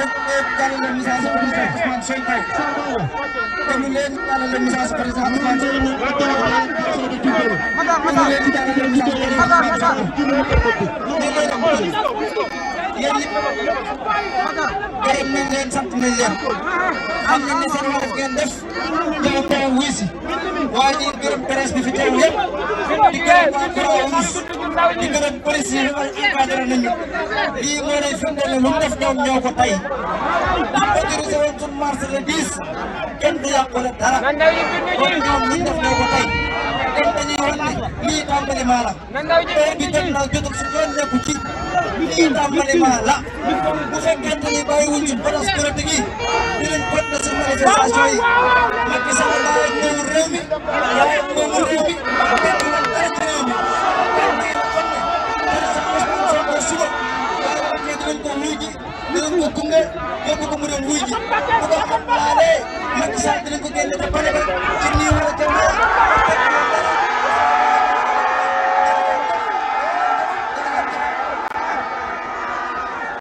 yàlla le message président Ousmane Sonko dañu leen yàlla le message président Ousmane Sonko dañu leen yàlla le message président Ousmane Sonko gërëm nañ leen sant nañ leen am nañ ne seen mbokk ngeen def gërëm teew a si waaye di gërëm presse fi teew yëpp di gërëm waa croix di gërëm police yi encadré nañu lii moo lay firndeel lu mu def ñoom ñoo ko di autorisé woon suñu marché le 10 kenn du yàqule dara ma la heure bi jot na jotul su yoon nekku ci lii tàmbali ma la bu fekkente ni bàyyiwuñ ci balance politique yi dinañ continuer seen manifestation yi Macky Sall laay moomu réew mi laay moomu réew mi kenn nag dara ci réew mi kenn nag kon ne dara sa Ousmane Sonko suba waaye Macky dinañ ko wuy ji dinañ ko gunge yóbbu ko mu dem wuy ji bu doxam laalee Macky Sall dinañ ko génne te pare ba